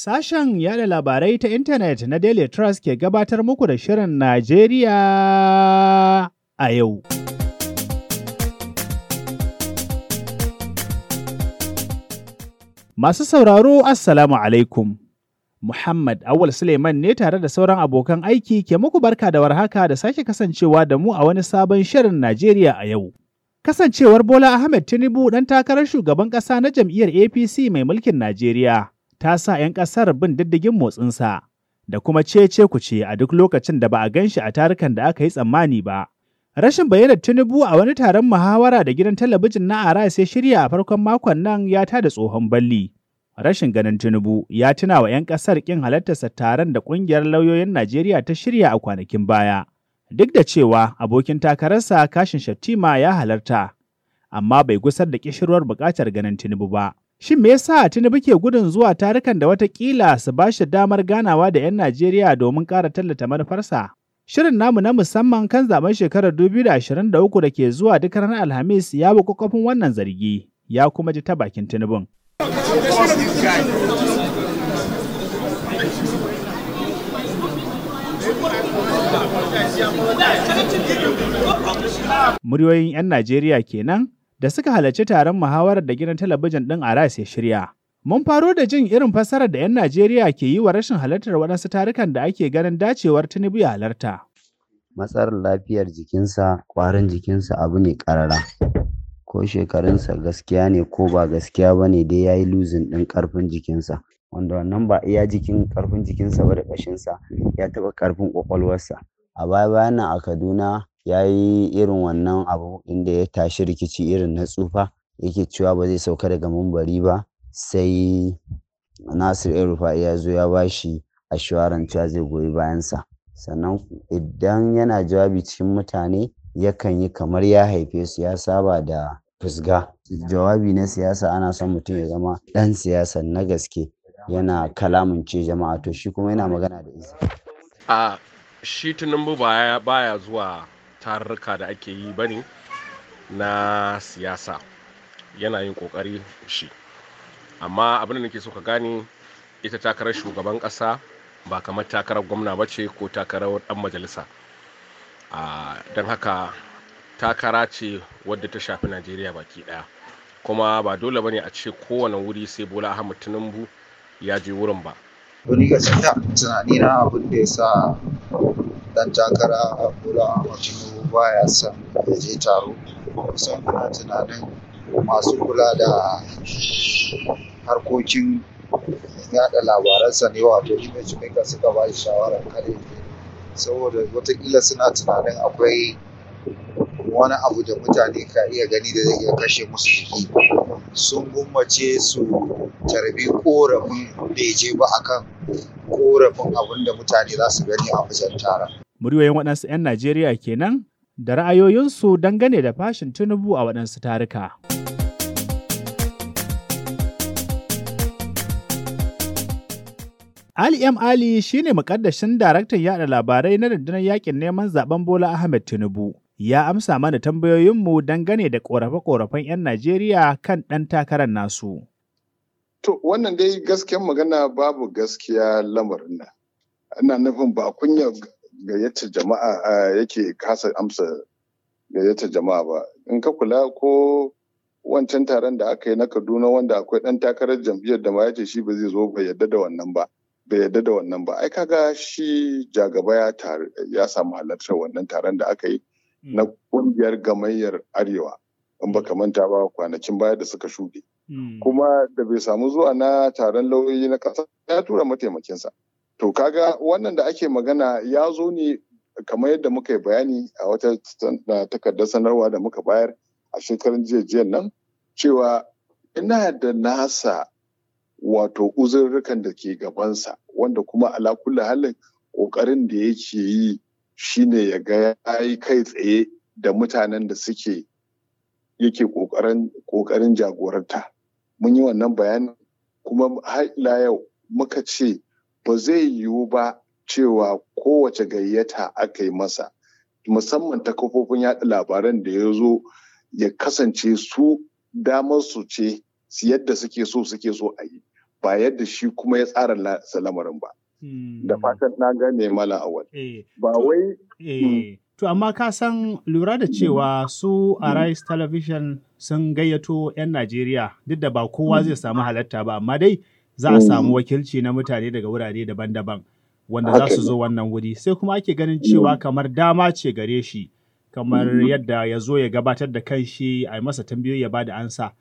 Sashen yada labarai ta intanet na Daily Trust ke gabatar muku da Shirin Najeriya a yau. Masu sauraro Assalamu alaikum. Muhammad Awul Suleiman ne tare da sauran abokan aiki ke muku barka da warhaka da sake kasancewa da mu a wani sabon Shirin Najeriya a yau. Kasancewar Bola Ahmed Tinubu ɗan takarar shugaban ƙasa na jam'iyyar APC mai mulkin Najeriya. ta sa 'yan ƙasar bin diddigin motsinsa da kuma cece ce a duk lokacin da ba a gan shi a tarukan da aka yi tsammani ba. Rashin bayyanar Tinubu a wani taron muhawara da gidan talabijin na Aras ya shirya a farkon makon nan ya ta da tsohon balli. Rashin ganin Tinubu ya tuna wa 'yan ƙasar ƙin halartarsa taron da ƙungiyar lauyoyin Najeriya ta shirya a kwanakin baya. Duk da cewa abokin takararsa Kashin Shattima ya halarta, amma bai gusar da ƙishirwar buƙatar ganin Tinubu ba. Shin me yasa Tinubu ke gudun zuwa tarukan da watakila su ba shi damar ganawa da 'yan Najeriya domin kara tallata manufarsa? Shirin namu na musamman kan zaben shekarar 2023 da ke zuwa duk ranar Alhamis ya bi kwakwafin wannan zargi, ya kuma ji ta bakin Tinubun. Muryoyin 'yan Najeriya kenan da suka halarci taron muhawarar da gidan talabijin ɗin Aras ya shirya. Mun faro da jin irin fassarar da 'yan Najeriya ke yi wa rashin halartar waɗansu tarukan da ake ganin dacewar Tinubu ya halarta. Matsalar lafiyar jikinsa, ƙwarin jikinsa abu ne ƙarara. Ko shekarunsa gaskiya ne ko ba gaskiya ba ne dai ya yi luzin ɗin ƙarfin jikinsa. Wanda wannan ba iya jikin ƙarfin jikinsa ba da ƙashinsa ya taɓa ƙarfin ƙwaƙwalwarsa. A baya bayan a Kaduna ya yi irin wannan abu inda ya tashi rikici irin na tsufa yake cewa ba zai sauka daga mumbari ba sai nasir el rufa'i ya zo ya ba shi ashwaran cewa zai goyi bayansa sannan idan yana jawabi cikin mutane yakan yi kamar ya haife su ya saba da fusga jawabi na siyasa ana son mutum ya zama ɗan siyasa na gaske yana ce jama'a to shi kuma yana magana da izini a shi tunan baya baya zuwa tarurruka da ake yi bane na siyasa yana yin ƙoƙari shi amma abin da nake so ka gane ita takarar shugaban ƙasa ba kamar takarar gwamna ba ce ko takarar ɗan majalisa don haka takara ce wadda ta shafi najeriya baki ɗaya kuma ba dole ba a ce kowane wuri sai bola ahmad tinubu ya je wurin ba. Wani ga tunani na abin da ya sa dan takara a Ahmad a baya son ya je taro kusan muna tunanin masu kula da harkokin yada labaransa ne wato image maker suka ba shi shawarar kare saboda watakila suna tunanin akwai wani abu da mutane ka iya gani da zai iya kashe musu jiki sun gummace su tarbi korafin da ya je ba kan korafin abin da mutane za su gani a wajen taron. Muryoyin waɗansu 'yan Najeriya kenan da ra'ayoyinsu dangane da fashin Tinubu a waɗansu Tarika. Ali M. Ali shine mukaddashin daraktan yaɗa labarai na rundunar yakin neman zaben Bola Ahmed Tinubu. ya amsa mana tambayoyinmu dangane da ƙorafe-ƙorafen 'yan Najeriya kan ɗan takarar nasu. To, wannan dai gaskiyar magana babu gaskiya lamarin nan. Ana nufin ba kunya gayyatar jama'a yake kasa amsa gayyatar jama'a ba. In ka kula ko wancan taron da aka yi na Kaduna wanda akwai ɗan takarar jam'iyyar da ma ya ce shi ba zai zo ba yadda da wannan ba. bai yadda da wannan ba ai kaga shi jagaba ya ya samu halartar wannan taron da aka yi Mm. na kungiyar gamayyar arewa in baka manta ba kwanakin baya da suka shuɗe mm. kuma da bai samu zuwa na taron lauyoyi na ƙasa ya tura mataimakinsa to kaga wannan da ake magana ya zo ne kamar yadda muka yi bayani a wata takardar sanarwa da muka bayar a shekarun jiya nan cewa ina da nasa wato uzurrukan da ke gabansa wanda kuma alakulla halin ƙoƙarin da yake yi shine ya ga yayi kai tsaye da mutanen da suke yake kokarin jagoranta mun yi wannan bayanin kuma ila yau muka ce ba zai yiwu ba cewa kowace gayyata aka yi masa musamman ta kafofin yaɗa labaran da ya zo ya kasance su damar su ce yadda suke so suke so a yi ba yadda shi kuma ya tsara lamarin ba Da hmm. fatan na gane mala awal. Eh, ba wai. Eh, hmm. To amma ka san lura da cewa hmm. su a Rice Television sun gayyato 'yan Najeriya duk da ba kowa zai samu halatta ba amma dai za a samu wakilci na mutane daga wurare daban-daban wanda za su zo wannan wuri sai kuma ake ganin cewa kamar dama ce gare shi kamar yadda ya zo ya gabatar da kanshi a masa tambayoyi ya ba da ansa.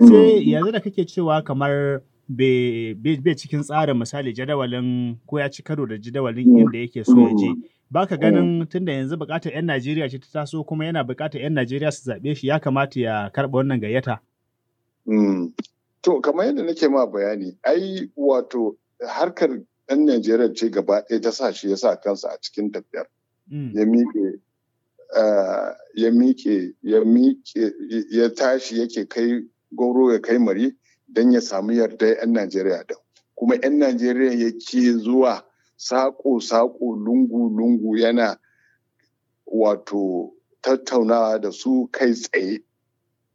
Sai yanzu da kake cewa kamar bai cikin tsarin misali jadawalin ko ya ci karo da jadawalin mm. inda yake so ya je mm. ba ka ganin mm. tunda yanzu bukatar 'yan Najeriya ce ta taso kuma yana bukatar 'yan Najeriya su zaɓe shi ya kamata ya karɓa wannan gayyata. To kamar yadda nake ma bayani ai wato harkar 'yan Najeriya ce gaba ɗaya ta sa shi ya sa kansa a cikin tafiyar. Ya miƙe ah, ya miƙe ya miƙe ya tashi yake kai goro ya kai mari don ya samu yarda 'yan Najeriya da kuma 'yan Najeriya ke zuwa saƙo-saƙo lungu-lungu yana wato tattaunawa da su kai tsaye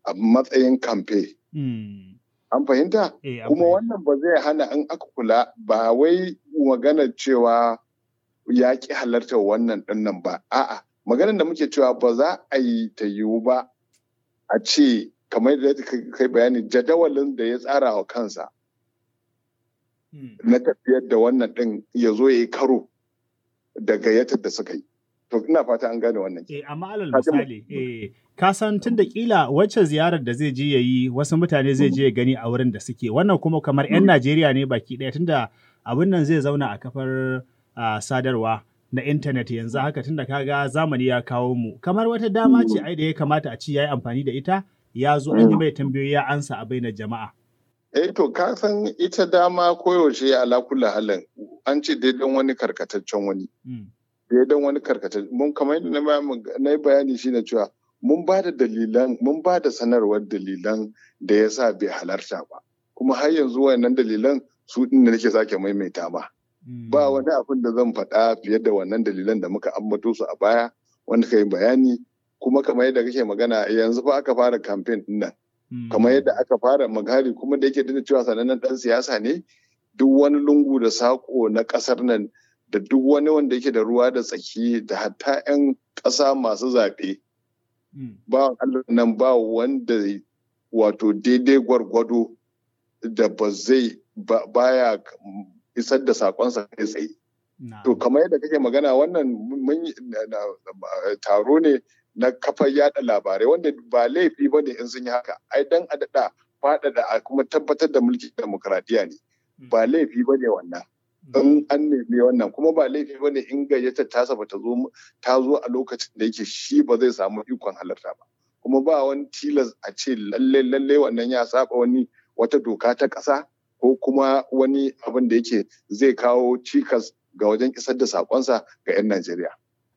a matsayin kamfe. Hmm. An fahimta? Eh, kuma wannan ba zai hana in aka kula ba wai magana cewa ya ƙi halartar wannan dinnan ba. A'a, maganar da muke cewa ba za a yi ta yiwu ba a ce kamar da kai bayani jadawalin da ya tsara wa kansa hmm. na tafiyar da wannan ɗin ya zo ya yi karo daga gayyatar da suka yi. To ina fata an gane wannan. Eh amma alal misali eh tun da kila wacce ziyarar da zai je ya yi wasu mutane zai je gani a wurin da suke wannan kuma kamar 'yan hmm. Najeriya ne baki ɗaya tunda abin nan zai zauna a kafar sadarwa na intanet yanzu haka tunda kaga zamani ya kawo mu kamar wata dama ce hmm. ai da ya kamata a ci ya yi amfani da ita ya zo an yi mm. mai tambayoyi ya ansa a baina jama'a. Eh to ka san ita dama koyaushe ala kula halin an ce daidan wani karkataccen wani. Mm. Daidan wani karkataccen mun kamar yadda na yi bayani shi na cewa mun ba da dalilan mun ba da sanarwar dalilan da ya sa bai halarta ba. Kuma har yanzu wannan dalilan su ɗin da nake sake maimaita ba. Mm. Ba wani abin da zan faɗa fiye da wannan dalilan da muka ambato su a baya wanda ka yi bayani kuma kamar yadda kake magana yanzu fa aka fara kamfen din nan kamar yadda aka fara magari kuma da yake dana cewa sanannen dan siyasa ne duk wani lungu da sako na kasar nan da duk wani wanda yake da ruwa da tsaki da hatta 'yan ƙasa masu zaɓe ba Allah nan ba wanda wato daidai gwargwado da ba zai baya isar da sakonsa kai tsaye. To kamar yadda kake magana wannan taro ne na kafar yada labarai wanda ba laifi ba ne in sun yi haka ai dan a daɗa faɗaɗa a kuma tabbatar da mulkin demokradiyya ne hmm. ba laifi ba ne wannan hmm. in an nemi wannan kuma ba laifi ba ne in gayyatar tasa ba ta zo a lokacin da yake shi ba zai samu ikon halarta ba kuma ba wani tilas a ce lalle lalle wannan ya saba wani wata doka ta ƙasa ko kuma wani abin da yake zai kawo cikas ga wajen isar da saƙonsa ga 'yan Najeriya.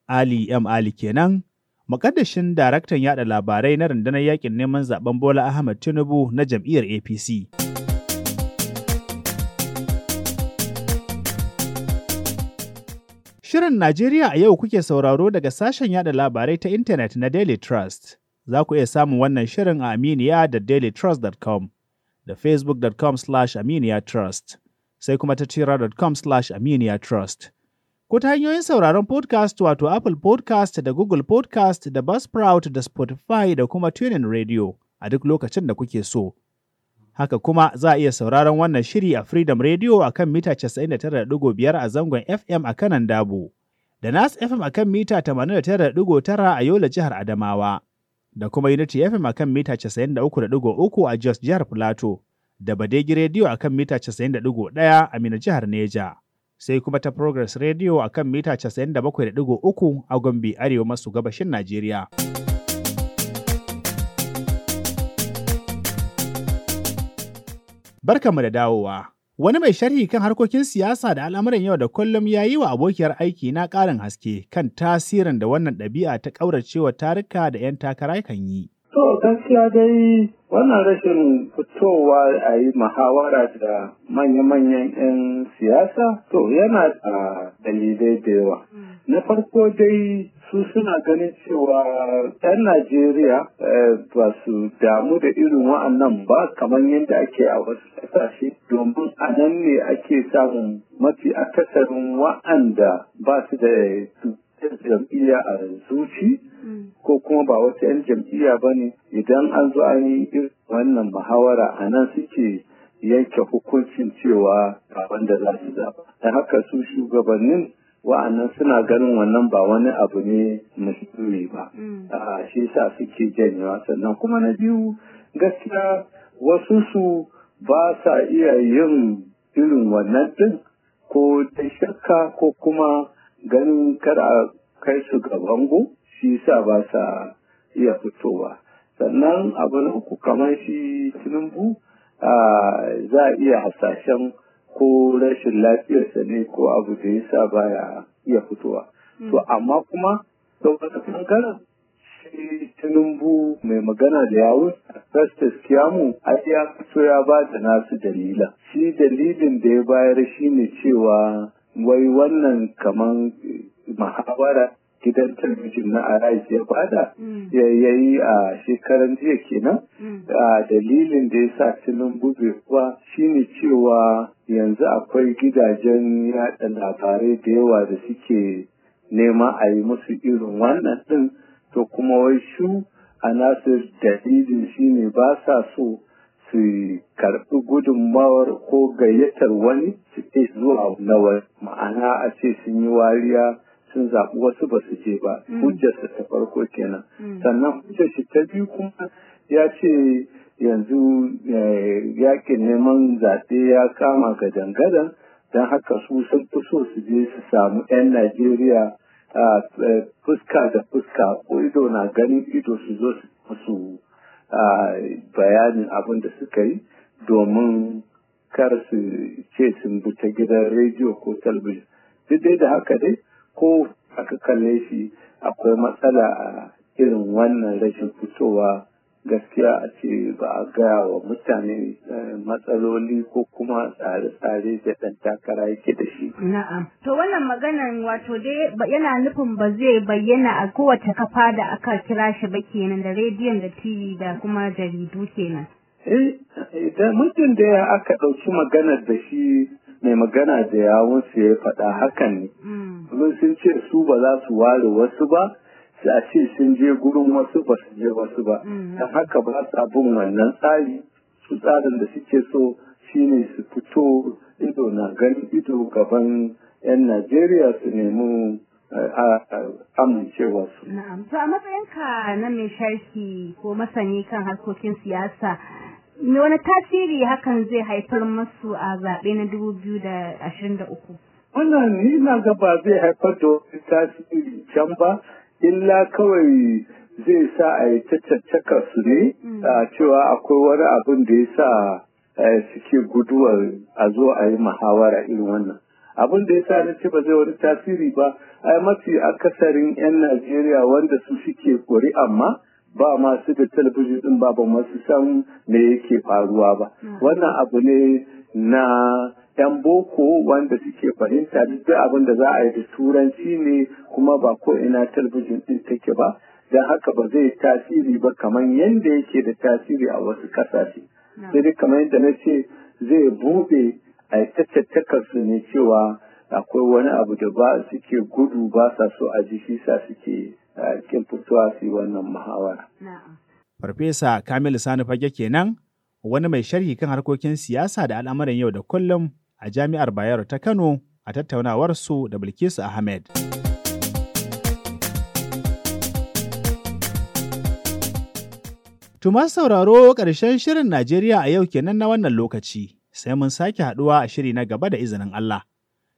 Ali M. Ali kenan Mukaddashin daraktan yada labarai na rundunar yakin neman zaben Bola Ahmed Tinubu na jam'iyyar APC. Shirin Najeriya a yau kuke sauraro daga sashen yada labarai ta intanet na Daily Trust. Za ku iya samun wannan shirin a Aminiya da dailytrust.com da facebook.com slash aminiya trust sai kuma ta tira.com slash aminiya trust. ko ta hanyoyin sauraron podcast wato Apple podcast da Google podcast da Buzzsprout da Spotify da kuma Tuning Radio a duk lokacin da kuke so. Haka kuma za a iya sauraron wannan shiri a Freedom Radio a kan mita 99.5 a zangon FM a kanan Dabo, da Nas FM a kan mita 89.9 a Yola jihar Adamawa, da kuma Unity FM a kan mita 93.3 a Jos jihar Plateau, da Badegi Radio a kan mita 91 a Mina jihar Neja. sai kuma ta Progress Radio a kan mita 97.3 a Gombe Arewa maso gabashin Najeriya. Barkanmu da dawowa. Wani mai sharhi kan harkokin siyasa da al'amuran yau da kullum ya yi wa abokiyar aiki na ƙarin haske kan tasirin da wannan ɗabi'a ta ƙauracewa tarika da 'yan takara kan yi. To gaskiya dai wannan rashin fitowa a yi muhawara da manya-manyan 'yan siyasa to yana a dalilai da yawa. Mm. Na farko dai su suna ganin cewa 'yan Najeriya eh, ba su damu da irin wa'annan ba kamar yadda ake a wasu ƙasashe domin a nan ne ake samun mafi akasarin wa'anda ba su da jam'iyya a zuci. ko kuma ba wata 'yan jam'iyya ba ne idan an zo an yi irin wannan muhawara a nan suke yanke hukuncin cewa ga wanda za su zaba. Da haka su shugabannin wa'annan suna ganin wannan ba wani abu ne na shi ba. Mm. A shi sa suke janyewa sannan kuma na biyu gaskiya wasu su ba sa iya yin irin wannan ɗin ko ta shakka ko kuma ganin kar a kai su ga bango shi sa ba sa iya fitowa sannan abu na uku kamar shi tinubu za a iya hasashen ko rashin lafiyarsa ne ko abu da ya sa ba ya iya fitowa hmm. to amma kuma saboda kankara shi tinubu mai magana da yawun festus kiyamu a ya fito ya ba da nasu dalila shi dalilin da ya bayar shi ne cewa wai wannan kaman eh, muhawara. gidan talabijin na Arise ya bada mm. ya yi a shekaran jiya kenan mm. a dalilin da ya sa tunan bai kuwa shine cewa yanzu akwai gidajen yaɗa labarai da yawa da suke nema a yi musu irin wannan din to kuma wai shu a nasu dalilin shine ba sa so su karɓi gudunmawar ko gayyatar wani su zuwa na ma'ana a ce sun yi wariya sun zaɓi wasu ba su je ba mm. hujjarsa ta farko kenan mm. sannan hujjarsa ta biyu kuma ya ce yanzu eh, yakin neman zaɓe ya kama ga dangadan don haka su sun fi so su je su samu 'yan najeriya fuska da fuska ko ido na ganin ido su zo su musu bayanin abin da suka yi domin kar su ce sun bi ta gidan rediyo ko talabijin duk dai da haka dai ko aka kalle shi akwai matsala a irin wannan rashin fitowa gaskiya a ce ba a gaya wa mutane eh, matsaloli ko kuma tsare-tsare da ɗan takara yake da shi. Na'am. To wannan maganar wato dai yana nufin ba zai bayyana a kowace kafa da aka kira shi ba kenan da rediyon da TV da kuma jaridu kenan. Eh, da mutum da aka ɗauki maganar da shi mai magana da yawunsu ya faɗa hakan ne domin mm. sun ce su ba za su ware wasu ba sai a ce sun je gurin wasu ba su je wasu ba ta mm. haka ba sa bin wannan tsari su tsarin da suke so shine su fito ido na gani ido gaban 'yan najeriya su nemi eh, amincewarsu. Na'am, to a matsayinka na mai sharhi ko masani kan harkokin siyasa me wani tasiri hakan zai haifar masu a zaɓe na dubu biyu da ashirin da uku? Wannan ni na ga ba zai haifar da wani tasiri can ba, illa kawai zai sa a yi caccaka su ne, mm. a cewa akwai wani abin da ya sa eh, suke guduwar a zo a yi muhawara irin wannan. abin da ya sa na ce ba zai wani tasiri ba ai mafi akasarin 'yan najeriya wanda su suke amma ba masu da talabijin din ba ba masu san me yake faruwa ba hmm. wannan abu ne na yan boko wanda suke fahimta duk abin da za a yi da turanci ne kuma ba ko ina talabijin din take ba dan haka ba zai tasiri ba kamar yadda yake da tasiri a wasu kasashe hmm. sai dai kamar yadda na ce zai bude a su ne cewa akwai wani abu da ba suke gudu ba sa so a ji sa suke kin fitowa su wannan muhawara. Farfesa Kamilu Sani Fage kenan wani mai sharhi kan harkokin siyasa da al'amuran yau da kullum a Jami'ar Bayero ta Kano a tattaunawar su da Bilkisu Ahmed. Tuma sauraro ƙarshen shirin Najeriya a yau kenan na wannan lokaci, sai mun sake haɗuwa a shiri na gaba da izinin Allah.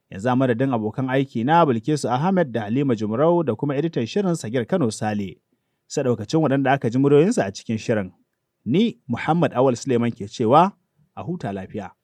yanzu a madadin abokan aiki na Bilkisu Ahmed da Halima Jumrau da kuma editan shirin Sagir Kano Sale. Sadaukacin waɗanda aka ji muryoyinsa a cikin shirin. Ni Muhammad Awal Suleiman ke cewa a huta lafiya.